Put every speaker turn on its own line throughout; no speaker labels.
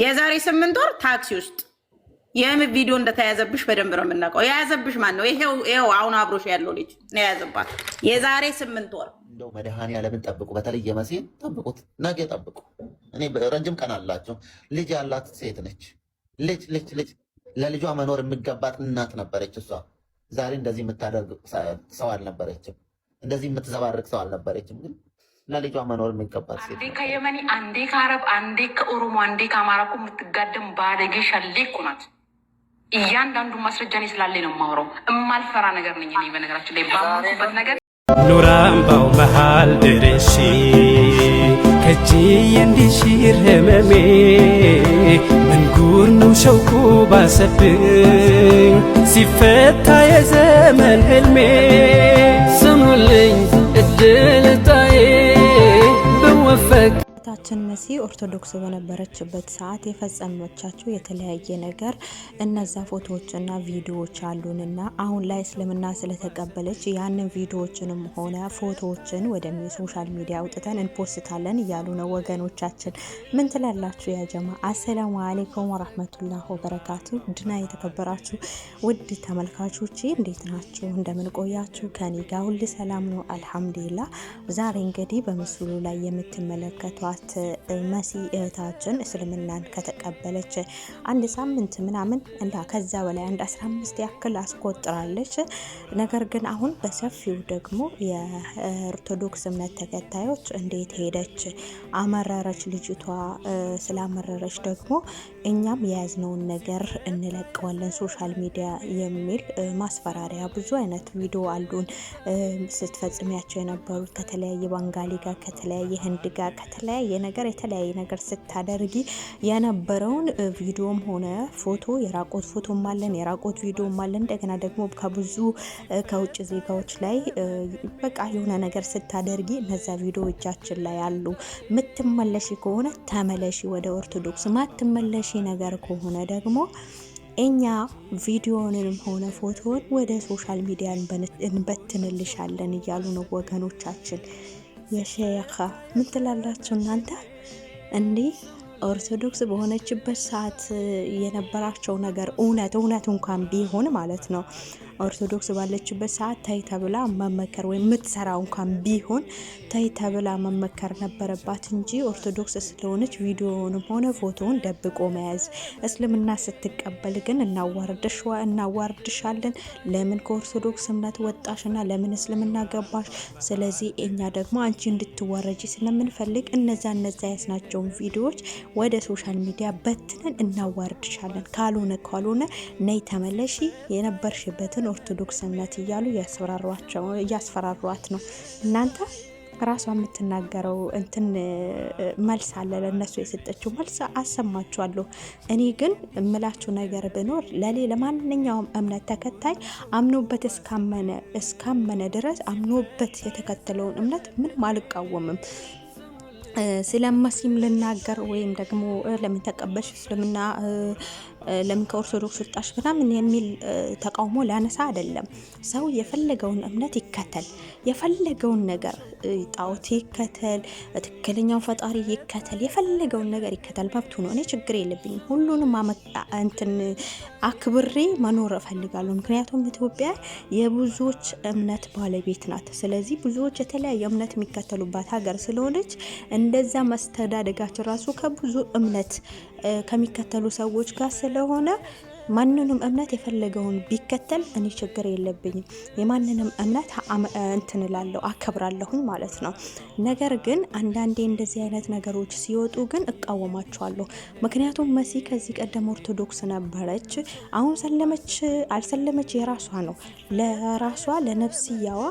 የዛሬ ስምንት ወር ታክሲ ውስጥ ይህም ቪዲዮ እንደተያዘብሽ በደንብ ነው የምናውቀው። የያዘብሽ ማን ነው? ይኸው አሁን አብሮሽ ያለው ልጅ ነው የያዘባት። የዛሬ ስምንት ወር
እንደው መድኃኒዓለምን ጠብቁ፣ በተለይ መሲን ጠብቁት፣ ነገ ጠብቁ። እኔ ረጅም ቀን አላቸው። ልጅ ያላት ሴት ነች። ልጅ ልጅ ልጅ ለልጇ መኖር የሚገባት እናት ነበረች እሷ። ዛሬ እንደዚህ የምታደርግ ሰው አልነበረችም። እንደዚህ የምትዘባርቅ ሰው አልነበረችም ግን ለልጇ መኖር የሚገባት ሴት። አንዴ
ከየመኒ፣ አንዴ ከአረብ፣ አንዴ ከኦሮሞ፣ አንዴ ከአማራ እኮ የምትጋደም ባለጌ ሸሌ እኮ ናት። እያንዳንዱ ማስረጃ እኔ ስላለኝ ነው የማውረው እማልፈራ ነገር ነኝ እኔ። በነገራችን ላይ ባማሩበት ነገር
ኑራምባው መሃል ድርሺ ከቺ እንዲሽር ህመሜ ምንጉር ነው ሸውቁ ባሰብኝ ሲፈታ የዘመን ህልሜ ስሙልኝ እድል
እህታችን መሲ ኦርቶዶክስ በነበረችበት ሰዓት የፈጸመቻቸው የተለያየ ነገር እነዛ ፎቶዎችና ቪዲዮዎች አሉንና አሁን ላይ እስልምና ስለተቀበለች ያንን ቪዲዮዎችንም ሆነ ፎቶዎችን ወደ ሶሻል ሚዲያ አውጥተን እንፖስታለን እያሉ ነው ወገኖቻችን። ምን ትላላችሁ ያ ጀማ? አሰላሙ አሌይኩም ወራህመቱላህ ወበረካቱ። ድና የተከበራችሁ ውድ ተመልካቾች እንዴት ናችሁ? እንደምን ቆያችሁ? ከኔ ጋር ሁል ሰላም ነው አልሐምዱሊላ። ዛሬ እንግዲህ በምስሉ ላይ የምትመለከቷት መሲ እህታችን እስልምናን ከተቀበለች አንድ ሳምንት ምናምን እንዳ ከዛ በላይ አንድ 15 ያክል አስቆጥራለች። ነገር ግን አሁን በሰፊው ደግሞ የኦርቶዶክስ እምነት ተከታዮች እንዴት ሄደች አመረረች፣ ልጅቷ ስላመረረች ደግሞ እኛም የያዝነውን ነገር እንለቀዋለን ሶሻል ሚዲያ የሚል ማስፈራሪያ ብዙ አይነት ቪዲዮ አሉን። ስትፈጽሚያቸው የነበሩት ከተለያየ ባንጋሊ ጋር ከተለያየ ህንድ ጋር ከተለያየ ነገር የተለያየ ነገር ስታደርጊ የነበረውን ቪዲዮም ሆነ ፎቶ የራቆት ፎቶም አለን የራቆት ቪዲዮም አለን። እንደገና ደግሞ ከብዙ ከውጭ ዜጋዎች ላይ በቃ የሆነ ነገር ስታደርጊ እነዛ ቪዲዮ እጃችን ላይ አሉ። ምትመለሺ ከሆነ ተመለሺ ወደ ኦርቶዶክስ፣ ማትመለሺ ነገር ከሆነ ደግሞ እኛ ቪዲዮንም ሆነ ፎቶን ወደ ሶሻል ሚዲያ እንበትንልሻለን እያሉ ነው ወገኖቻችን። يا شيخة مثل لا تشنانتا أني ኦርቶዶክስ በሆነችበት ሰዓት የነበራቸው ነገር እውነት እውነት እንኳን ቢሆን ማለት ነው ኦርቶዶክስ ባለችበት ሰዓት ተይ ተብላ መመከር ወይም የምትሰራ እንኳን ቢሆን ተይ ተብላ መመከር ነበረባት እንጂ ኦርቶዶክስ ስለሆነች ቪዲዮውንም ሆነ ፎቶውን ደብቆ መያዝ። እስልምና ስትቀበል ግን እናዋርድሻለን፣ ለምን ከኦርቶዶክስ እምነት ወጣሽና ለምን እስልምና ገባሽ? ስለዚህ እኛ ደግሞ አንቺ እንድትወረጂ ስለምንፈልግ እነዛ እነዛ ያስናቸውን ቪዲዮዎች ወደ ሶሻል ሚዲያ በትነን እናዋርድሻለን። ካልሆነ ካልሆነ ነይ ተመለሺ የነበርሽበትን ኦርቶዶክስ እምነት እያሉ እያስፈራሯት ነው። እናንተ ራሷ የምትናገረው እንትን መልስ አለ። ለእነሱ የሰጠችው መልስ አሰማችኋለሁ። እኔ ግን እምላችሁ ነገር ብኖር ለሌ ለማንኛውም እምነት ተከታይ አምኖበት እስካመነ ድረስ አምኖበት የተከተለውን እምነት ምንም አልቃወምም። ስለ መሲም ልናገር ወይም ደግሞ ለምን ተቀበልሽ እስልምና ለምን ከኦርቶዶክስ ወጣሽ ምናምን የሚል ተቃውሞ ላነሳ አይደለም። ሰው የፈለገውን እምነት ይከተል፣ የፈለገውን ነገር ጣዖት ይከተል፣ ትክክለኛው ፈጣሪ ይከተል፣ የፈለገውን ነገር ይከተል፣ መብቱ ነው። እኔ ችግር የለብኝም። ሁሉንም እንትን አክብሬ መኖር እፈልጋለሁ። ምክንያቱም ኢትዮጵያ የብዙዎች እምነት ባለቤት ናት። ስለዚህ ብዙዎች የተለያየ እምነት የሚከተሉባት ሀገር ስለሆነች እንደዛ መስተዳደጋቸው ራሱ ከብዙ እምነት ከሚከተሉ ሰዎች ጋር ስለሆነ ማንንም እምነት የፈለገውን ቢከተል እኔ ችግር የለብኝም። የማንንም እምነት እንትንላለሁ አከብራለሁኝ ማለት ነው። ነገር ግን አንዳንዴ እንደዚህ አይነት ነገሮች ሲወጡ ግን እቃወማቸዋለሁ። ምክንያቱም መሲ ከዚህ ቀደም ኦርቶዶክስ ነበረች። አሁን ሰለመች አልሰለመች የራሷ ነው። ለራሷ ለነፍስያዋ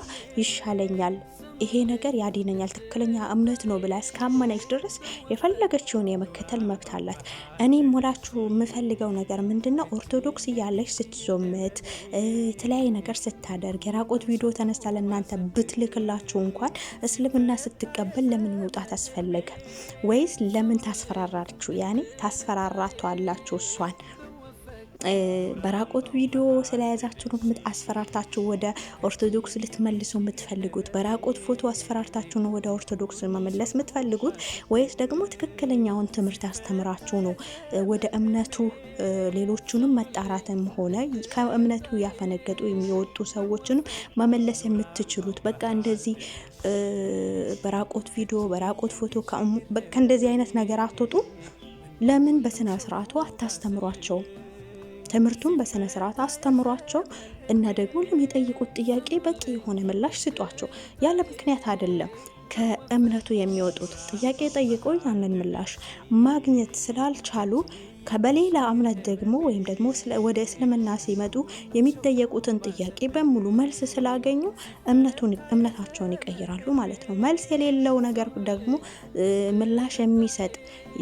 ይሻለኛል ይሄ ነገር ያድነኛል፣ ትክክለኛ እምነት ነው ብላ እስካመነች ድረስ የፈለገችውን የመከተል መብት አላት። እኔ ሞላችሁ የምፈልገው ነገር ምንድን ነው? ኦርቶዶክስ እያለች ስትዞምት፣ የተለያየ ነገር ስታደርግ፣ የራቆት ቪዲዮ ተነስታ ለእናንተ ብትልክላችሁ እንኳን እስልምና ስትቀበል ለምን መውጣት አስፈለገ? ወይስ ለምን ታስፈራራችሁ? ያኔ ታስፈራራቷላችሁ እሷን በራቆት ቪዲዮ ስለያዛችሁ ነው አስፈራርታችሁ ወደ ኦርቶዶክስ ልትመልሱ የምትፈልጉት? በራቆት ፎቶ አስፈራርታችሁ ነው ወደ ኦርቶዶክስ መመለስ የምትፈልጉት? ወይስ ደግሞ ትክክለኛውን ትምህርት አስተምራችሁ ነው ወደ እምነቱ ሌሎቹንም መጣራትም ሆነ ከእምነቱ ያፈነገጡ የሚወጡ ሰዎችንም መመለስ የምትችሉት? በቃ እንደዚህ በራቆት ቪዲዮ በራቆት ፎቶ ከእንደዚህ አይነት ነገር አትወጡ። ለምን በስነ ስርዓቱ አታስተምሯቸውም? ትምህርቱን በስነ ስርዓት አስተምሯቸው እና ደግሞ ለሚጠይቁት ጥያቄ በቂ የሆነ ምላሽ ስጧቸው። ያለ ምክንያት አይደለም ከእምነቱ የሚወጡት ጥያቄ ጠይቆ ያንን ምላሽ ማግኘት ስላልቻሉ በሌላ እምነት ደግሞ ወይም ደግሞ ወደ እስልምና ሲመጡ የሚጠየቁትን ጥያቄ በሙሉ መልስ ስላገኙ እምነታቸውን ይቀይራሉ ማለት ነው። መልስ የሌለው ነገር ደግሞ ምላሽ የሚሰጥ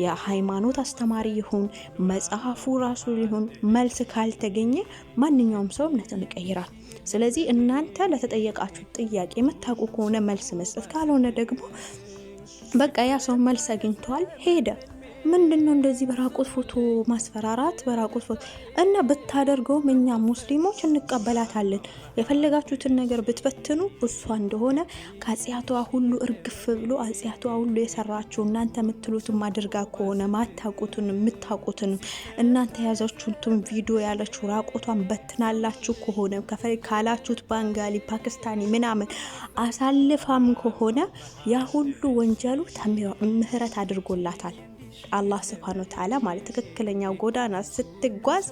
የሃይማኖት አስተማሪ ይሁን መጽሐፉ ራሱ ይሁን መልስ ካልተገኘ ማንኛውም ሰው እምነትን ይቀይራል። ስለዚህ እናንተ ለተጠየቃችሁ ጥያቄ የምታውቁ ከሆነ መልስ መስጠት፣ ካልሆነ ደግሞ በቃ ያ ሰው መልስ አግኝቷል ሄደ ምንድን ነው እንደዚህ በራቁት ፎቶ ማስፈራራት? በራቁት ፎቶ እና ብታደርገውም እኛ ሙስሊሞች እንቀበላታለን። የፈለጋችሁትን ነገር ብትበትኑ እሷ እንደሆነ ከአጽያቷ ሁሉ እርግፍ ብሎ አጽያቷ ሁሉ የሰራችሁ እናንተ የምትሉትን ማድርጋ ከሆነ ማታቁትን የምታቁትን እናንተ የያዛችሁትን ቪዲዮ ያለችው ራቁቷን በትናላችሁ ከሆነ ካላችሁት ባንጋሊ፣ ፓኪስታኒ ምናምን አሳልፋም ከሆነ ያ ሁሉ ወንጀሉ ምህረት አድርጎላታል። አላህ ስብሃነ ወተዓላ ማለት ትክክለኛ ጎዳና ስትጓዝ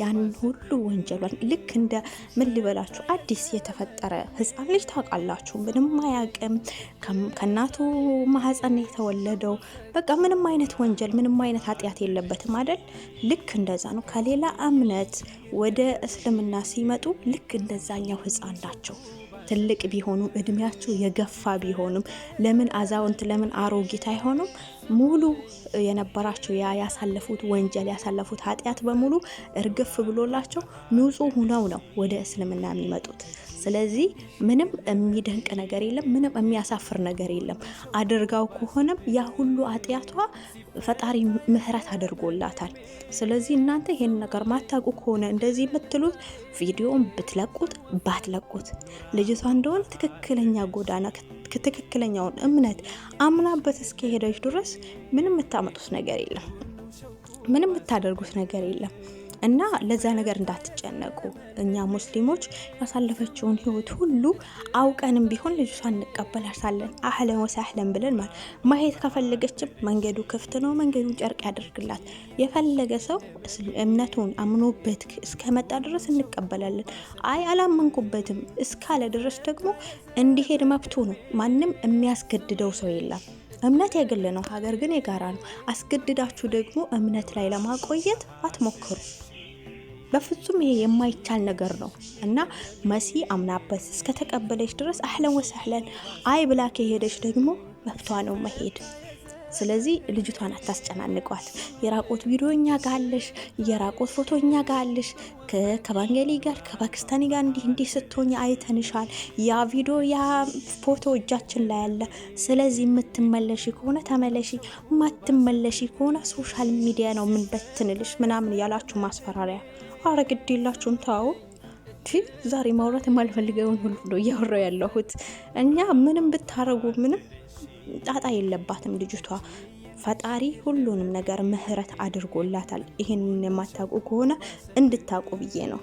ያንን ሁሉ ወንጀሏን ልክ እንደ ምን ልበላችሁ አዲስ የተፈጠረ ህፃን ልጅ ታውቃላችሁ፣ ምንም አያውቅም። ከእናቱ ማህፀን የተወለደው በቃ ምንም አይነት ወንጀል ምንም አይነት ኃጢአት የለበትም አይደል? ልክ እንደዛ ነው። ከሌላ እምነት ወደ እስልምና ሲመጡ ልክ እንደዛኛው ህፃን ናቸው። ትልቅ ቢሆኑም እድሜያቸው የገፋ ቢሆንም ለምን አዛውንት ለምን አሮጊት አይሆኑም? ሙሉ የነበራቸው ያሳለፉት ወንጀል ያሳለፉት ኃጢአት በሙሉ እርግፍ ብሎላቸው ንጹህ ሁነው ነው ወደ እስልምና የሚመጡት። ስለዚህ ምንም የሚደንቅ ነገር የለም፣ ምንም የሚያሳፍር ነገር የለም። አድርጋው ከሆነም ያ ሁሉ ኃጢአቷ ፈጣሪ ምሕረት አድርጎላታል። ስለዚህ እናንተ ይሄን ነገር ማታውቁ ከሆነ እንደዚህ የምትሉት ቪዲዮን ብትለቁት ባትለቁት ልጅቷ እንደሆነ ትክክለኛ ጎዳና ልክ ትክክለኛውን እምነት አምናበት እስከሄደች ድረስ ምንም የምታመጡት ነገር የለም። ምንም የምታደርጉት ነገር የለም። እና ለዛ ነገር እንዳትጨነቁ። እኛ ሙስሊሞች ያሳለፈችውን ህይወት ሁሉ አውቀንም ቢሆን ልጅቷ እንቀበላታለን። አህለን ወሳህለን ብለን ማለት ማየት ከፈለገችም መንገዱ ክፍት ነው። መንገዱን ጨርቅ ያደርግላት። የፈለገ ሰው እምነቱን አምኖበት እስከመጣ ድረስ እንቀበላለን። አይ አላመንኩበትም እስካለ ድረስ ደግሞ እንዲሄድ መብቱ ነው። ማንም የሚያስገድደው ሰው የለም። እምነት የግል ነው፣ ሀገር ግን የጋራ ነው። አስገድዳችሁ ደግሞ እምነት ላይ ለማቆየት አትሞክሩ። በፍጹም ይሄ የማይቻል ነገር ነው እና መሲ አምናበት እስከተቀበለች ድረስ አህለን ወሰህለን አይ ብላ ከሄደች ደግሞ መብቷ ነው መሄድ። ስለዚህ ልጅቷን አታስጨናንቋት። የራቆት ቪዲዮ እኛ ጋር አለሽ፣ የራቆት ፎቶ እኛ ጋር አለሽ፣ ጋር ከፓኪስታኒ ጋር እንዲህ እንዲህ ስትሆኝ አይተንሻል። ያ ቪዲዮ ያ ፎቶ እጃችን ላይ አለ። ስለዚህ የምትመለሽ ከሆነ ተመለሺ፣ ማትመለሺ ከሆነ ሶሻል ሚዲያ ነው ምንበትንልሽ ምናምን ያላችሁ ማስፈራሪያ አረ ግድ የላችሁም ታው ዛሬ ማውራት የማልፈልገውን ሁሉ ነው እያወራው ያለሁት። እኛ ምንም ብታረጉ ምንም ጣጣ የለባትም ልጅቷ። ፈጣሪ ሁሉንም ነገር ምህረት አድርጎላታል። ይህንን የማታውቁ ከሆነ እንድታውቁ ብዬ ነው።